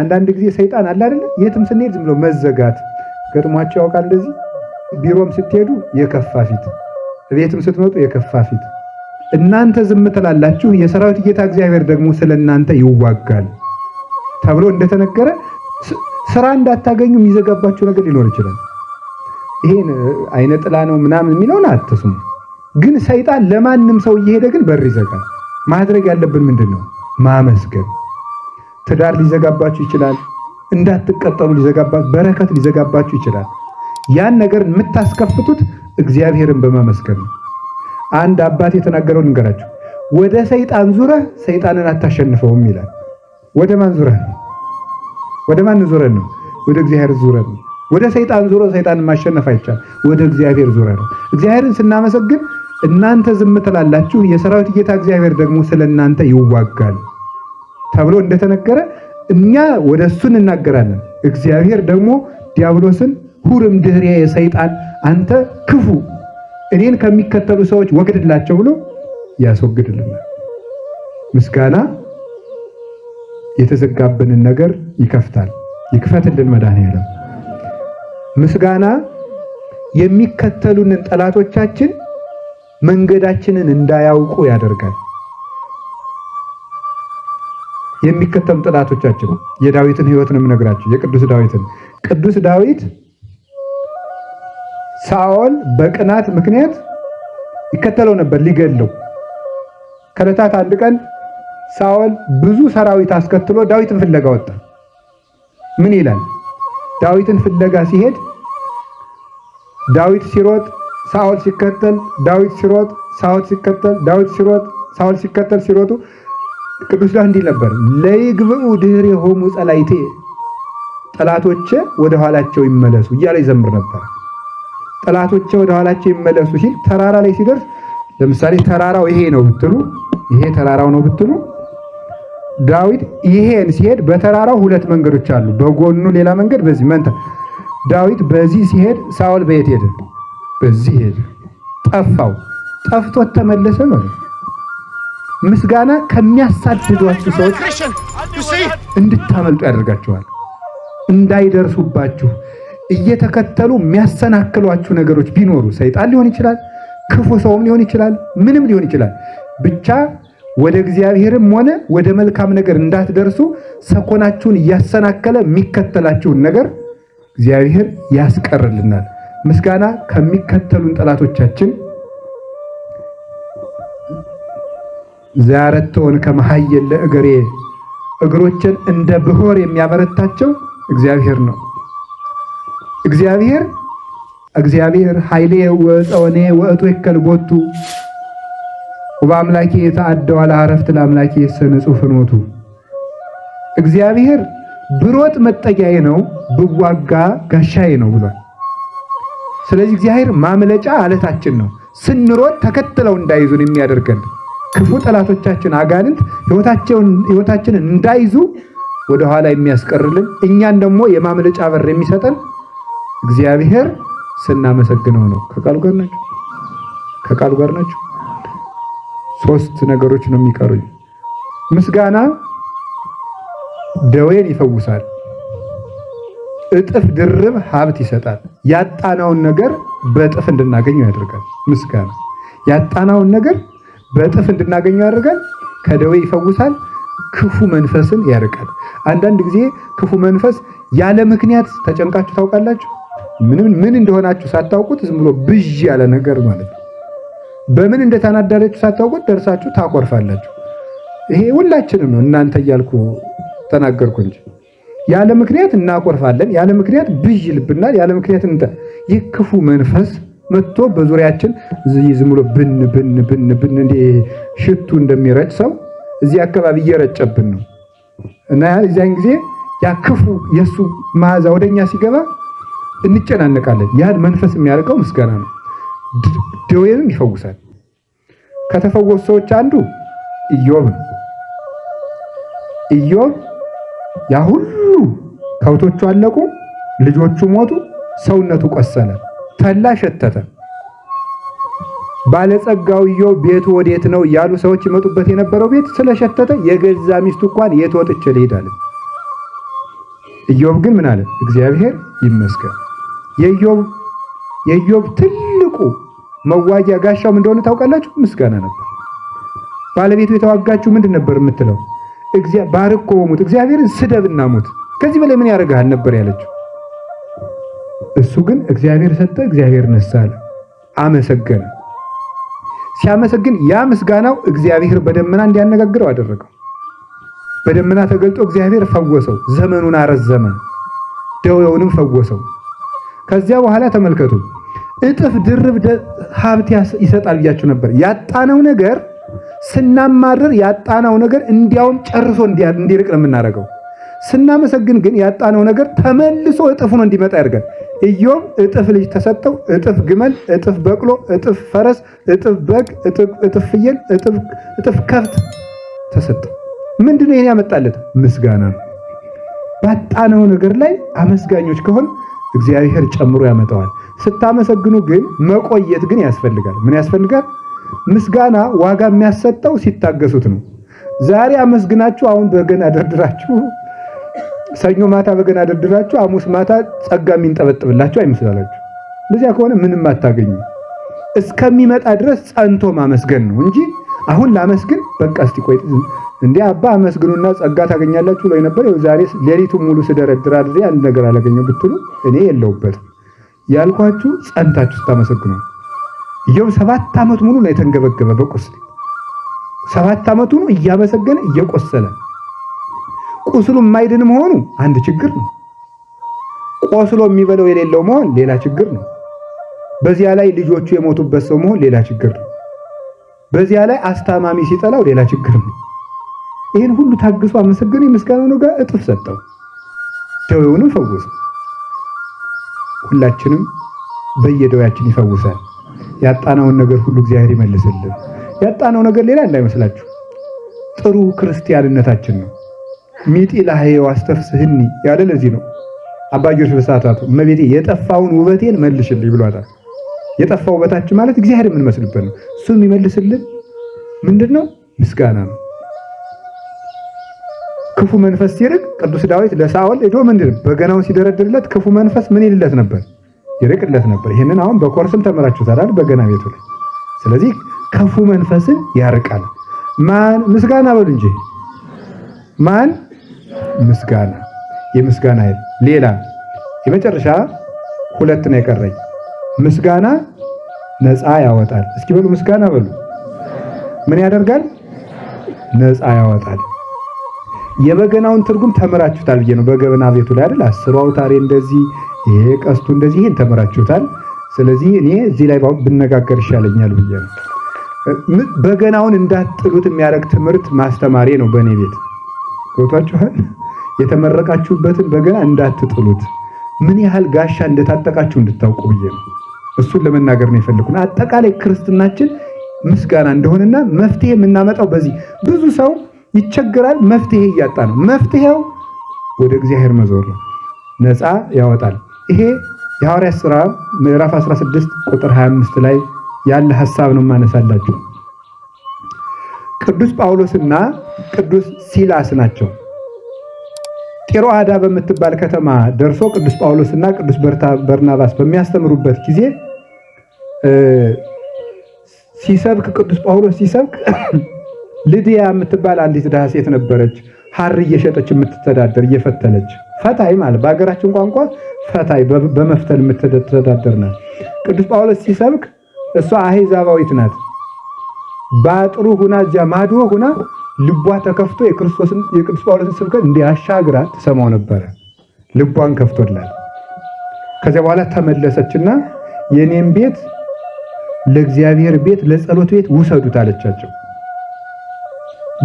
አንዳንድ ጊዜ ሰይጣን አለ አይደለ? የትም ስንሄድ ዝም ብሎ መዘጋት ገጥሟቸው ያውቃል። እንደዚህ ቢሮም ስትሄዱ የከፋ ፊት፣ ቤትም ስትመጡ የከፋ ፊት። እናንተ ዝም ትላላችሁ፣ የሰራዊት ጌታ እግዚአብሔር ደግሞ ስለ እናንተ ይዋጋል ተብሎ እንደተነገረ ስራ እንዳታገኙ የሚዘጋባቸው ነገር ሊኖር ይችላል። ይሄን አይነ ጥላ ነው ምናምን የሚለውን አትስሙ። ግን ሰይጣን ለማንም ሰው እየሄደ ግን በር ይዘጋል። ማድረግ ያለብን ምንድን ነው? ማመስገን ትዳር ሊዘጋባችሁ ይችላል። እንዳትቀጠሉ ሊዘጋባችሁ፣ በረከት ሊዘጋባችሁ ይችላል። ያን ነገር የምታስከፍቱት እግዚአብሔርን በማመስገን ነው። አንድ አባት የተናገረው ልንገራችሁ። ወደ ሰይጣን ዙረህ ሰይጣንን አታሸንፈውም ይላል። ወደ ማን ዙረህ ነው? ወደ ማን ዙረህ ነው? ወደ እግዚአብሔር ዙረህ ነው። ወደ ሰይጣን ዙሮ ሰይጣንን ማሸነፍ አይቻል? ወደ እግዚአብሔር ዙረህ ነው። እግዚአብሔርን ስናመሰግን እናንተ ዝም ትላላችሁ፣ የሰራዊት ጌታ እግዚአብሔር ደግሞ ስለ እናንተ ይዋጋል። ተብሎ እንደተነገረ እኛ ወደ እሱ እንናገራለን። እግዚአብሔር ደግሞ ዲያብሎስን ሁርም ድህሪያ የሰይጣን አንተ ክፉ እኔን ከሚከተሉ ሰዎች ወግድላቸው ብሎ ያስወግድልናል። ምስጋና የተዘጋብንን ነገር ይከፍታል። ይክፈትልን መድኃኒዓለም። ምስጋና የሚከተሉንን ጠላቶቻችን መንገዳችንን እንዳያውቁ ያደርጋል። የሚከተሉ ጠላቶቻችን የዳዊትን ህይወት ነው የምነግራቸው። የቅዱስ ዳዊትን ቅዱስ ዳዊት ሳኦል በቅናት ምክንያት ይከተለው ነበር ሊገለው። ከዕለታት አንድ ቀን ሳኦል ብዙ ሰራዊት አስከትሎ ዳዊትን ፍለጋ ወጣ። ምን ይላል? ዳዊትን ፍለጋ ሲሄድ ዳዊት ሲሮጥ ሳኦል ሲከተል፣ ዳዊት ሲሮጥ ሳኦል ሲከተል፣ ዳዊት ሲሮጥ ሳኦል ሲከተል ሲሮጡ ቅዱስ ዳዊት እንዲህ ነበር፣ ለይግብኡ ድኅሬሆሙ ጸላይቴ፣ ጠላቶቼ ወደ ኋላቸው ይመለሱ እያለ ይዘምር ነበር። ጠላቶቼ ወደ ኋላቸው ይመለሱ ሲል ተራራ ላይ ሲደርስ ለምሳሌ ተራራው ይሄ ነው ብትሉ፣ ይሄ ተራራው ነው ብትሉ፣ ዳዊት ይሄን ሲሄድ በተራራው ሁለት መንገዶች አሉ፣ በጎኑ ሌላ መንገድ፣ በዚህ መንታ ዳዊት በዚህ ሲሄድ ሳውል በየት ሄደ? በዚህ ሄደ። ጠፋው። ጠፍቶት ተመለሰ ማለት ምስጋና ከሚያሳድዷችሁ ሰዎች እንድታመልጡ ያደርጋችኋል። እንዳይደርሱባችሁ እየተከተሉ የሚያሰናክሏችሁ ነገሮች ቢኖሩ ሰይጣን ሊሆን ይችላል፣ ክፉ ሰውም ሊሆን ይችላል፣ ምንም ሊሆን ይችላል። ብቻ ወደ እግዚአብሔርም ሆነ ወደ መልካም ነገር እንዳትደርሱ ሰኮናችሁን እያሰናከለ የሚከተላችሁን ነገር እግዚአብሔር ያስቀርልናል። ምስጋና ከሚከተሉን ጠላቶቻችን ዛረተውን ከመሐየል ለእግሬ እግሮችን እንደ ብሆር የሚያበረታቸው እግዚአብሔር ነው። እግዚአብሔር እግዚአብሔር ኃይሌ ወፀወኔ ወእቱ ይከልቦቱ ወበአምላኬ የተአደዋ ለአረፍት ለአምላኬ ሰንጹሕ ፍኖቱ እግዚአብሔር ብሮጥ መጠጊያዬ ነው፣ ብዋጋ ጋሻዬ ነው ብሏል። ስለዚህ እግዚአብሔር ማምለጫ አለታችን ነው። ስንሮጥ ተከትለው እንዳይዙን የሚያደርገን ክፉ ጠላቶቻችን አጋንንት ህይወታችንን እንዳይዙ ወደኋላ የሚያስቀርልን እኛን ደግሞ የማምለጫ በር የሚሰጠን እግዚአብሔር ስናመሰግነው ነው። ከቃሉ ጋር ናቸው፣ ከቃሉ ጋር ናቸው። ሶስት ነገሮች ነው የሚቀሩኝ። ምስጋና ደዌን ይፈውሳል፣ እጥፍ ድርብ ሀብት ይሰጣል፣ ያጣናውን ነገር በእጥፍ እንድናገኘው ያደርጋል። ምስጋና ያጣናውን ነገር በእጥፍ እንድናገኘው ያደርጋል። ከደዌ ይፈውሳል። ክፉ መንፈስን ያርቃል። አንዳንድ ጊዜ ክፉ መንፈስ ያለ ምክንያት ተጨንቃችሁ ታውቃላችሁ? ምንም ምን እንደሆናችሁ ሳታውቁት ዝም ብሎ ብዥ ያለ ነገር ማለት ነው። በምን እንደተናዳዳችሁ ሳታውቁት ደርሳችሁ ታኮርፋላችሁ። ይሄ ሁላችንም ነው፣ እናንተ እያልኩ ተናገርኩ እንጂ ያለ ምክንያት እናኮርፋለን። ያለ ምክንያት ብዥ ልብናል። ያለ ምክንያት ይህ ክፉ መንፈስ መጥቶ በዙሪያችን ዝም ብሎ ብን ብን ብን ብን እንደ ሽቱ እንደሚረጭ ሰው እዚህ አካባቢ እየረጨብን ነው እና እዚያን ጊዜ ያ ክፉ የእሱ መዓዛ ወደኛ ሲገባ እንጨናነቃለን። ያን መንፈስ የሚያርቀው ምስጋና ነው። ደዌንም ይፈውሳል። ከተፈወሱ ሰዎች አንዱ ኢዮብ ነው። ኢዮብ ያ ሁሉ ከብቶቹ አለቁ፣ ልጆቹ ሞቱ፣ ሰውነቱ ቆሰለ። ተላ ሸተተ። ባለጸጋውየው ቤቱ ወዴት ነው ያሉ ሰዎች ይመጡበት የነበረው ቤት ስለሸተተ የገዛ ሚስቱ እንኳን የት ወጥቼ ልሂድ አለ። ኢዮብ ግን ምን አለ? እግዚአብሔር ይመስገን። የዮብ ትልቁ መዋጊያ ጋሻው ምን እንደሆነ ታውቃላችሁ? ምስጋና ነበር። ባለቤቱ የተዋጋችሁ ምንድን ነበር የምትለው? ባርኮ ሙት፣ እግዚአብሔርን ስደብና ሙት። ከዚህ በላይ ምን ያደርግሃል ነበር ያለችው። እሱ ግን እግዚአብሔር ሰጠ፣ እግዚአብሔር ነሳ አለ። አመሰገነ። ሲያመሰግን ያ ምስጋናው እግዚአብሔር በደመና እንዲያነጋግረው አደረገው። በደመና ተገልጦ እግዚአብሔር ፈወሰው፣ ዘመኑን አረዘመ፣ ደዌውንም ፈወሰው። ከዚያ በኋላ ተመልከቱ እጥፍ ድርብ ሀብት ይሰጣል ብያችሁ ነበር። ያጣነው ነገር ስናማርር ያጣነው ነገር እንዲያውም ጨርሶ እንዲርቅ ነው የምናደርገው። ስናመሰግን ግን ያጣነው ነገር ተመልሶ እጥፍ ሆኖ እንዲመጣ ያደርጋል። ኢዮብ እጥፍ ልጅ ተሰጠው፣ እጥፍ ግመል፣ እጥፍ በቅሎ፣ እጥፍ ፈረስ፣ እጥፍ በግ፣ እጥፍ ፍየል፣ እጥፍ ከብት ተሰጠው። ምንድነው ይሄን ያመጣለት? ምስጋና ነው። ባጣነው ነገር ላይ አመስጋኞች ከሆን እግዚአብሔር ጨምሮ ያመጣዋል። ስታመሰግኑ ግን መቆየት ግን ያስፈልጋል። ምን ያስፈልጋል? ምስጋና ዋጋ የሚያሰጠው ሲታገሱት ነው። ዛሬ አመስግናችሁ አሁን በገና ደርድራችሁ ሰኞ ማታ በገና ደርድራችሁ ሐሙስ ማታ ጸጋ የሚንጠበጥብላችሁ አይመስላላችሁ። እንደዚያ ከሆነ ምንም አታገኙ። እስከሚመጣ ድረስ ጸንቶ ማመስገን ነው እንጂ አሁን ላመስግን በቃ እስቲ ቆይ እንዴ አባ አመስግኑና ጸጋ ታገኛላችሁ ላይ ነበር። ዛሬ ሌሊቱን ሙሉ ስደረድር አድሬ አንድ ነገር አላገኘው ብትሉ እኔ የለውበትም ያልኳችሁ ጸንታችሁ ስታመሰግኑ። እየው ሰባት ዓመት ሙሉ ነው የተንገበገበ በቁስል ሰባት ዓመቱ እያመሰገነ እየቆሰለ ቁስሉ የማይድን መሆኑ አንድ ችግር ነው። ቆስሎ የሚበለው የሌለው መሆን ሌላ ችግር ነው። በዚያ ላይ ልጆቹ የሞቱበት ሰው መሆን ሌላ ችግር ነው። በዚያ ላይ አስታማሚ ሲጠላው ሌላ ችግር ነው። ይህን ሁሉ ታግሶ አመሰገነ። የምስጋናው ጋር እጥፍ ሰጠው፣ ደዌውንም ፈወሰ። ሁላችንም በየደውያችን ይፈውሳል። ያጣነውን ነገር ሁሉ እግዚአብሔር ይመልስልን። ያጣነው ነገር ሌላ እንዳይመስላችሁ ጥሩ ክርስቲያንነታችን ነው። ሚጢ ላህየው ዋስተፍስህኒ ያለ ለዚህ ነው። አባጆች በሰዓታቱ እመቤቴ የጠፋውን ውበቴን መልሽልኝ ብሏታል። የጠፋ ውበታችን ማለት እግዚአብሔር የምንመስልበት ነው። እሱ የሚመልስልን ምንድን ነው? ምስጋና ነው። ክፉ መንፈስ ሲርቅ ቅዱስ ዳዊት ለሳኦል ሄዶ ምንድን በገናውን ሲደረድርለት ክፉ መንፈስ ምን ይልለት ነበር? ይርቅለት ነበር። ይህንን አሁን በኮርስም ተምራችሁታል በገና ቤቱ ላይ። ስለዚህ ክፉ መንፈስን ያርቃል። ማን ምስጋና በሉ እንጂ ማን ምስጋና የምስጋና ኃይል። ሌላ የመጨረሻ ሁለት ነው የቀረኝ። ምስጋና ነፃ ያወጣል። እስኪ በሉ ምስጋና በሉ። ምን ያደርጋል? ነፃ ያወጣል። የበገናውን ትርጉም ተምራችሁታል ብዬ ነው። በገበና ቤቱ ላይ አይደል አስሩ አውታሬ እንደዚህ፣ ይሄ ቀስቱ እንደዚህ፣ ይሄን ተምራችሁታል። ስለዚህ እኔ እዚህ ላይ ብነጋገር ይሻለኛል ብዬ ነው። በገናውን እንዳትጥሉት የሚያደርግ ትምህርት ማስተማሪ ነው በእኔ ቤት ገብቷችኋል። የተመረቃችሁበትን በገና እንዳትጥሉት ምን ያህል ጋሻ እንደታጠቃችሁ እንድታውቁ ብዬ ነው። እሱን ለመናገር ነው የፈለኩና አጠቃላይ ክርስትናችን ምስጋና እንደሆነና መፍትሄ የምናመጣው በዚህ ብዙ ሰው ይቸግራል። መፍትሄ እያጣ ነው። መፍትሄው ወደ እግዚአብሔር መዞር ነው። ነፃ ያወጣል። ይሄ የሐዋርያ ሥራ ምዕራፍ 16 ቁጥር 25 ላይ ያለ ሀሳብ ነው የማነሳላችሁ። ቅዱስ ጳውሎስና ቅዱስ ሲላስ ናቸው። ጢሮአዳ በምትባል ከተማ ደርሶ ቅዱስ ጳውሎስና ቅዱስ በርናባስ በሚያስተምሩበት ጊዜ ሲሰብክ ቅዱስ ጳውሎስ ሲሰብክ ልድያ የምትባል አንዲት ድሃ ሴት ነበረች፣ ሐር እየሸጠች የምትተዳደር እየፈተለች ፈታይ ማለት በሀገራችን ቋንቋ ፈታይ በመፍተል የምትተዳደር ናት። ቅዱስ ጳውሎስ ሲሰብክ እሷ አሄዛባዊት ናት በአጥሩ ሁና እዚያ ማዶ ሁና ልቧ ተከፍቶ የክርስቶስን የቅዱስ ጳውሎስን ስብከት እንዲህ አሻግራ ትሰማው ነበረ። ልቧን ከፍቶላል። ከዚያ በኋላ ተመለሰችና የኔም ቤት ለእግዚአብሔር ቤት ለጸሎት ቤት ውሰዱት አለቻቸው።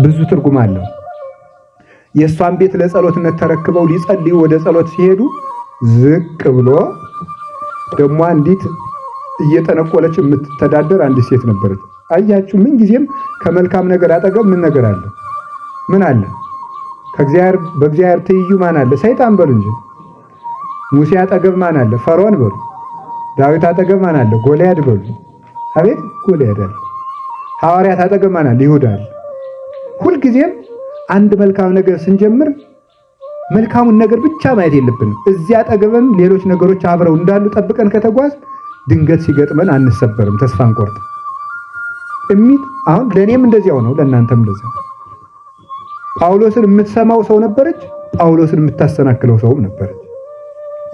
ብዙ ትርጉም አለው። የእሷን ቤት ለጸሎትነት ተረክበው ሊጸልዩ ወደ ጸሎት ሲሄዱ ዝቅ ብሎ ደግሞ አንዲት እየጠነቆለች የምትተዳደር አንዲት ሴት ነበረች። አያችሁ፣ ምን ጊዜም ከመልካም ነገር አጠገብ ምን ነገር አለ? ምን አለ? ከእግዚአብሔር በእግዚአብሔር ትይዩ ማን አለ? ሰይጣን በሉ እንጂ። ሙሴ አጠገብ ማን አለ? ፈርዖን በሉ። ዳዊት አጠገብ ማን አለ? ጎልያድ በሉ። አቤት ጎልያድ አለ። ሐዋርያት አጠገብ ማን አለ? ይሁዳ አለ። ሁልጊዜም አንድ መልካም ነገር ስንጀምር መልካሙን ነገር ብቻ ማየት የለብንም። እዚያ አጠገብም ሌሎች ነገሮች አብረው እንዳሉ ጠብቀን ከተጓዝ ድንገት ሲገጥመን አንሰበርም፣ ተስፋ አንቆርጥም። እሚት አሁን ለእኔም እንደዚያው ነው፣ ለእናንተም እንደዚያው። ጳውሎስን የምትሰማው ሰው ነበረች፣ ጳውሎስን የምታሰናክለው ሰውም ነበረች።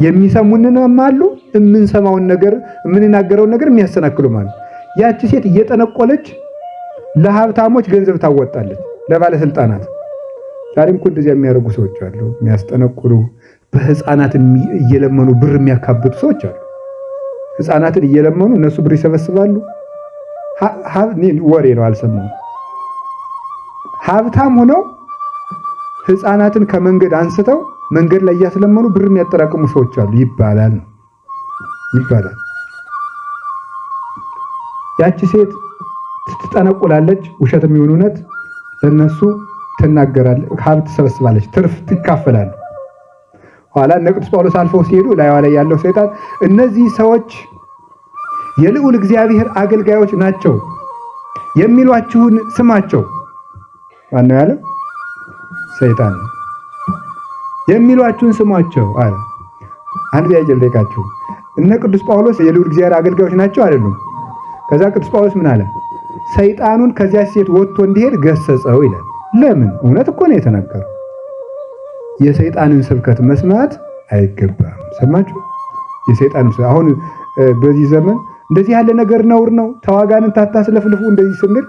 የሚሰሙንንም አሉ፣ የምንሰማውን ነገር የምንናገረውን ነገር የሚያሰናክሉ ማለት። ያቺ ሴት እየጠነቆለች ለሀብታሞች ገንዘብ ታወጣለች፣ ለባለስልጣናት። ዛሬም እኮ እንደዚያ የሚያደርጉ ሰዎች አሉ፣ የሚያስጠነቁሉ በህፃናት እየለመኑ ብር የሚያካብጡ ሰዎች አሉ። ህፃናትን እየለመኑ እነሱ ብር ይሰበስባሉ። ወሬ ነው አልሰማሁም። ሀብታም ሆነው ህፃናትን ከመንገድ አንስተው መንገድ ላይ እያስለመኑ ብር የሚያጠራቅሙ ሰዎች አሉ ይባላል ይባላል። ያቺ ሴት ትጠነቁላለች፣ ውሸት የሚሆን እውነት ለእነሱ ትናገራለች፣ ሀብት ትሰበስባለች፣ ትርፍ ትካፈላለች። ኋላ እነ ቅዱስ ጳውሎስ አልፈው ሲሄዱ ላይዋ ላይ ያለው ሰይጣን እነዚህ ሰዎች የልዑል እግዚአብሔር አገልጋዮች ናቸው የሚሏችሁን ስማቸው። ማነው ያለ? ሰይጣን። የሚሏችሁን ስማቸው አለ። አንድ ጥያቄ ልጠይቃችሁ። እነ ቅዱስ ጳውሎስ የልዑል እግዚአብሔር አገልጋዮች ናቸው አይደሉም? ከዛ ቅዱስ ጳውሎስ ምን አለ? ሰይጣኑን ከዚያ ሴት ወጥቶ እንዲሄድ ገሰጸው ይላል። ለምን? እውነት እኮ ነው የተናገረው። የሰይጣንን ስብከት መስማት አይገባም። ሰማችሁ? የሰይጣን አሁን በዚህ ዘመን እንደዚህ ያለ ነገር ነውር ነው፣ ተዋጋንን ታታስለፍልፉ እንደዚህ ስንል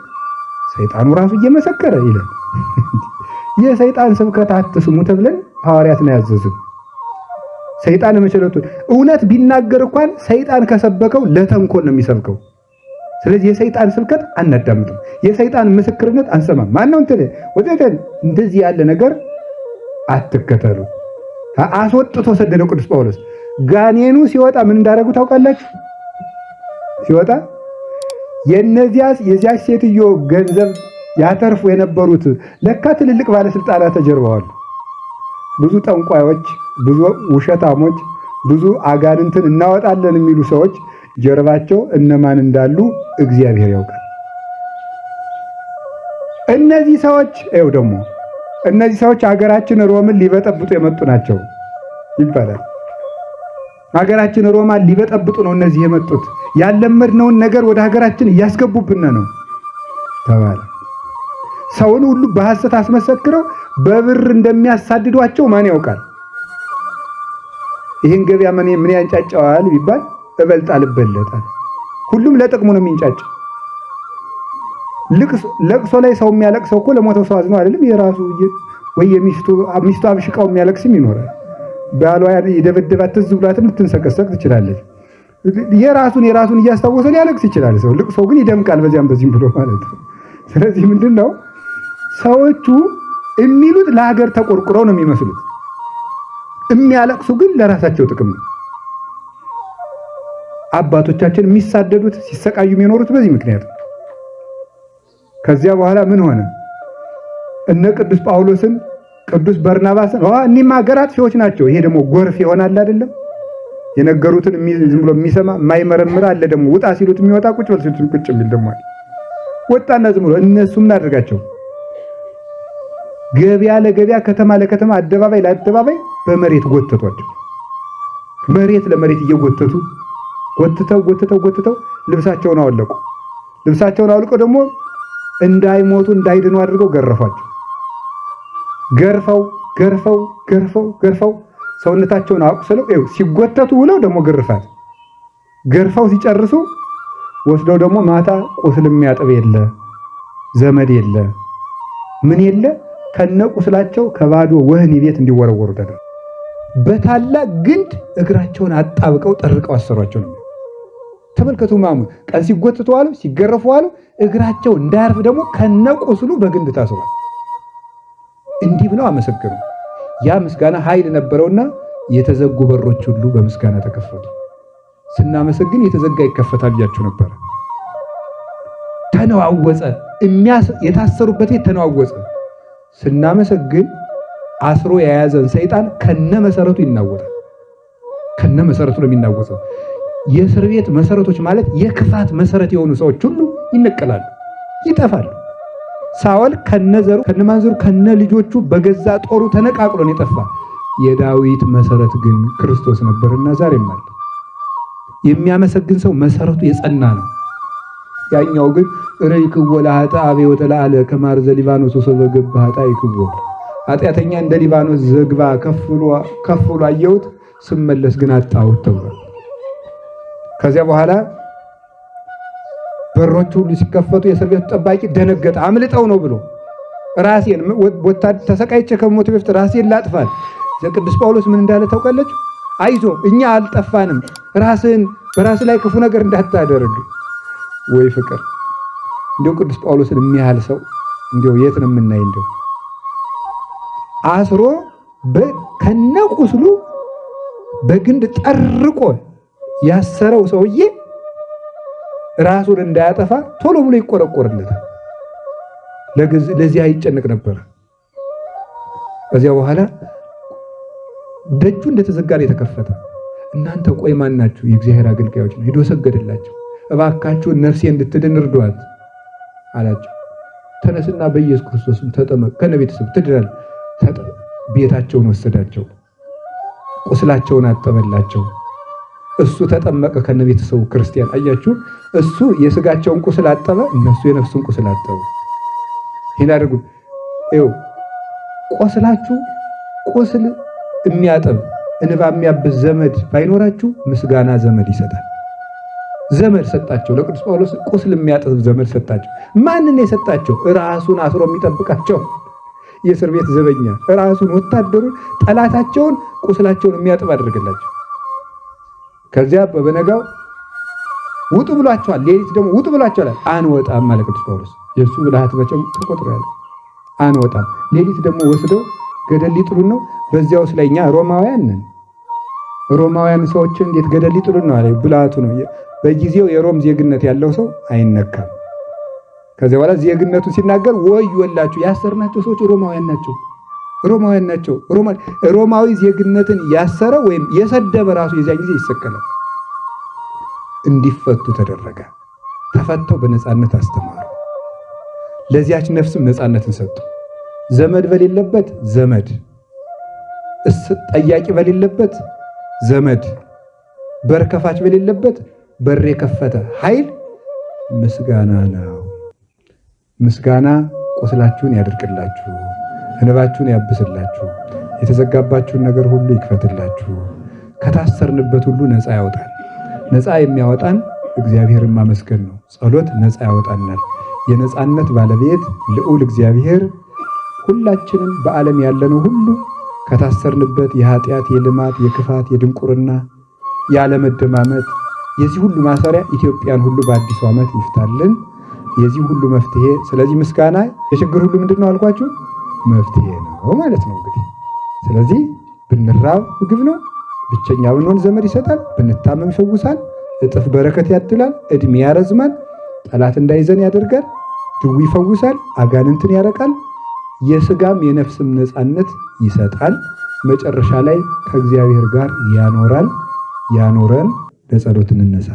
ሰይጣኑ ራሱ እየመሰከረ ይለን የሰይጣን ስብከት አትስሙ ተብለን ሐዋርያት ነው ያዘዙን። ሰይጣን መቸለቱ እውነት ቢናገር እንኳን ሰይጣን ከሰበከው ለተንኮል ነው የሚሰብከው። ስለዚህ የሰይጣን ስብከት አናዳምጥም፣ የሰይጣን ምስክርነት አንሰማም። ማነው እንትን ወዘተን እንደዚህ ያለ ነገር አትከተሉ። አስወጥቶ ሰደደው ቅዱስ ጳውሎስ ጋኔኑ ሲወጣ ምን እንዳደረጉ ታውቃላችሁ? ሲወጣ የነዚያ የዚያች ሴትዮ ገንዘብ ያተርፉ የነበሩት ለካ ትልልቅ ባለስልጣናት ተጀርበዋል። ብዙ ጠንቋዮች፣ ብዙ ውሸታሞች፣ ብዙ አጋንንትን እናወጣለን የሚሉ ሰዎች ጀርባቸው እነማን እንዳሉ እግዚአብሔር ያውቃል። እነዚህ ሰዎች ይኸው ደግሞ እነዚህ ሰዎች ሀገራችን ሮምን ሊበጠብጡ የመጡ ናቸው ይባላል። ሀገራችን ሮማን ሊበጠብጡ ነው እነዚህ የመጡት ያለመድነውን ነገር ወደ ሀገራችን እያስገቡብን ነው ተባለ። ሰውን ሁሉ በሐሰት አስመሰክረው በብር እንደሚያሳድዷቸው ማን ያውቃል? ይህን ገበያ ምን ያንጫጫዋል ቢባል እበልጣ ልበለጣል። ሁሉም ለጥቅሙ ነው የሚንጫጫው። ለቅሶ ላይ ሰው የሚያለቅሰው እኮ ለሞተው ሰው አዝነው አይደለም። የራሱ ወይ ሚስቱ አብሽቃው የሚያለቅስም ይኖራል። ባሏ የደበደባት ትዝ ብሏትም ልትንሰቀሰቅ ትችላለች። የራሱን የራሱን እያስታወሰ ሊያለቅስ ይችላል ሰው። ልቅሶ ግን ይደምቃል በዚያም በዚህም ብሎ ማለት ነው። ስለዚህ ምንድን ነው ሰዎቹ የሚሉት ለሀገር ተቆርቁረው ነው የሚመስሉት፣ የሚያለቅሱ ግን ለራሳቸው ጥቅም ነው። አባቶቻችን የሚሳደዱት ሲሰቃዩ የሚኖሩት በዚህ ምክንያት። ከዚያ በኋላ ምን ሆነ? እነ ቅዱስ ጳውሎስን ቅዱስ በርናባስን እኒህም ሀገር አጥፊዎች ናቸው። ይሄ ደግሞ ጎርፍ ይሆናል አይደለም? የነገሩትን ዝም ብሎ የሚሰማ የማይመረምር አለ። ደግሞ ውጣ ሲሉት የሚወጣ ቁጭ በል ሲሉት ቁጭ የሚል ደግሞ አለ። ወጣና ዝም ብሎ እነሱ ምን አድርጋቸው ገበያ ለገበያ ከተማ ለከተማ አደባባይ ለአደባባይ በመሬት ጎተቷቸው። መሬት ለመሬት እየጎተቱ ጎትተው ጎትተው ጎትተው ልብሳቸውን አወለቁ። ልብሳቸውን አውልቀው ደግሞ እንዳይሞቱ እንዳይድኑ አድርገው ገረፏቸው። ገርፈው ገርፈው ገርፈው ገርፈው ሰውነታቸውን አቁስለው ይኸው ሲጎተቱ ውለው ደግሞ ግርፋት ገርፈው ሲጨርሱ ወስደው ደግሞ ማታ ቁስል የሚያጥብ የለ ዘመድ የለ ምን የለ ከነ ቁስላቸው ከባዶ ወህኒ ቤት እንዲወረወሩ ተደረገ። በታላቅ ግንድ እግራቸውን አጣብቀው ጠርቀው አሰሯቸው ነው። ተመልከቱ ማሙ ቀን ሲጎትቱ አሉ፣ ሲገረፉ አሉ። እግራቸው እንዳያርፍ ደግሞ ከነ ቁስሉ በግንድ ታስሯል። እንዲህ ብለው አመሰገኑ። ያ ምስጋና ኃይል ነበረውና የተዘጉ በሮች ሁሉ በምስጋና ተከፈቱ። ስናመሰግን የተዘጋ ይከፈታል ብያችሁ ነበረ። ተነዋወፀ፣ የታሰሩበት ተነዋወፀ። ስናመሰግን አስሮ የያዘን ሰይጣን ከነ መሰረቱ ይናወጣል። ከነ መሰረቱ ነው የሚናወጠው። የእስር ቤት መሰረቶች ማለት የክፋት መሰረት የሆኑ ሰዎች ሁሉ ይነቀላሉ፣ ይጠፋሉ። ሳኦል ከነዘሩ ከነማንዘሩ ከነ ልጆቹ በገዛ ጦሩ ተነቃቅሎን የጠፋ የዳዊት መሰረት ግን ክርስቶስ ነበርና ዛሬም አለ። የሚያመሰግን ሰው መሰረቱ የጸና ነው። ያኛው ግን ረይክዎ አቤ ወተለዓለ ከማርዘ ሊባኖስ ወሰበ ገብ ኃጥእ ይክዎ ኃጢአተኛ እንደ ሊባኖስ ዘግባ ከፍሎ አየሁት ስመለስ ግን አጣሁት ተብሏል። ከዚያ በኋላ በሮች ሁሉ ሲከፈቱ የእስር ቤቱ ጠባቂ ደነገጠ። አምልጠው ነው ብሎ ራሴን ተሰቃይቼ ከሞት በፊት ራሴን ላጥፋል። ቅዱስ ጳውሎስ ምን እንዳለ ታውቃለች? አይዞ እኛ አልጠፋንም፣ ራስህን በራስ ላይ ክፉ ነገር እንዳታደርግ። ወይ ፍቅር! እንዲው ቅዱስ ጳውሎስን የሚያህል ሰው እንዲው የት ነው የምናይ? እንዲው አስሮ ከነቁስሉ በግንድ ጠርቆ ያሰረው ሰውዬ ራሱን እንዳያጠፋ ቶሎ ብሎ ይቆረቆርለታል። ለዚያ ይጨንቅ ነበር። ከዚያ በኋላ ደጁ እንደተዘጋ ነው የተከፈተ። እናንተ ቆይ ማን ናችሁ? የእግዚአብሔር አገልጋዮች ነው። ሄዶ ሰገደላቸው። እባካችሁን ነፍሴ እንድትድን እርዷት አላቸው። ተነስና በኢየሱስ ክርስቶስም ተጠመቅ፣ ከነ ቤተሰብ ትድናል። ቤታቸውን ወሰዳቸው፣ ቁስላቸውን አጠበላቸው። እሱ ተጠመቀ ከነ ቤተሰቡ ክርስቲያን። አያችሁ፣ እሱ የስጋቸውን ቁስል አጠበ፣ እነሱ የነፍሱን ቁስል አጠቡ። ይህን አድርጉ። ይኸው ቆስላችሁ ቁስል የሚያጠብ እንባ የሚያብስ ዘመድ ባይኖራችሁ ምስጋና ዘመድ ይሰጣል። ዘመድ ሰጣቸው። ለቅዱስ ጳውሎስ ቁስል የሚያጠብ ዘመድ ሰጣቸው። ማንን የሰጣቸው? ራሱን አስሮ የሚጠብቃቸው የእስር ቤት ዘበኛ ራሱን፣ ወታደሩን፣ ጠላታቸውን ቁስላቸውን የሚያጥብ አድርግላቸው። ከዚያ በነጋው ውጡ ብሏቸዋል። ሌሊት ደግሞ ውጡ ብሏቸዋል። አንወጣም ማለት ቅዱስ ጳውሎስ የእሱ ብልሃት መቼም ተቆጥሮ ያለ አንወጣም። ሌሊት ደግሞ ወስደው ገደል ሊጥሉን ነው። በዚያ ውስጥ ላይ እኛ ሮማውያን ነን። ሮማውያን ሰዎችን እንዴት ገደል ሊጥሉን ነው አለ። ብልሃቱ ነው። በጊዜው የሮም ዜግነት ያለው ሰው አይነካም። ከዚያ በኋላ ዜግነቱ ሲናገር ወይ ወዮላችሁ፣ ያሰርናቸው ሰዎች ሮማውያን ናቸው ሮማውያን ናቸው። ሮማዊ ዜግነትን ያሰረ ወይም የሰደበ ራሱ የዚያን ጊዜ ይሰቀላል። እንዲፈቱ ተደረገ። ተፈተው በነፃነት አስተማሩ። ለዚያች ነፍስም ነፃነትን ሰጡ። ዘመድ በሌለበት ዘመድ፣ ጠያቂ በሌለበት ዘመድ፣ በር ከፋች በሌለበት በር የከፈተ ኃይል ምስጋና ነው። ምስጋና ቁስላችሁን ያደርቅላችሁ፣ እንባችሁን ያብስላችሁ፣ የተዘጋባችሁን ነገር ሁሉ ይክፈትላችሁ፣ ከታሰርንበት ሁሉ ነፃ ያወጣል። ነፃ የሚያወጣን እግዚአብሔርን ማመስገን ነው። ጸሎት ነፃ ያወጣናል። የነፃነት ባለቤት ልዑል እግዚአብሔር ሁላችንም በዓለም ያለነው ሁሉ ከታሰርንበት የኃጢአት፣ የልማት፣ የክፋት፣ የድንቁርና፣ ያለመደማመጥ የዚህ ሁሉ ማሰሪያ ኢትዮጵያን ሁሉ በአዲሱ ዓመት ይፍታልን። የዚህ ሁሉ መፍትሄ ስለዚህ ምስጋና የችግር ሁሉ ምንድን ነው አልኳችሁ? መፍትሄ ነው ማለት ነው እንግዲህ ስለዚህ ብንራብ ምግብ ነው ብቸኛ ብንሆን ዘመድ ይሰጣል፣ ብንታመም ይፈውሳል፣ እጥፍ በረከት ያድላል፣ እድሜ ያረዝማል፣ ጠላት እንዳይዘን ያደርጋል፣ ድዊ ይፈውሳል፣ አጋንንትን ያረቃል፣ የስጋም የነፍስም ነፃነት ይሰጣል። መጨረሻ ላይ ከእግዚአብሔር ጋር ያኖራል። ያኖረን። ለጸሎት እንነሳ።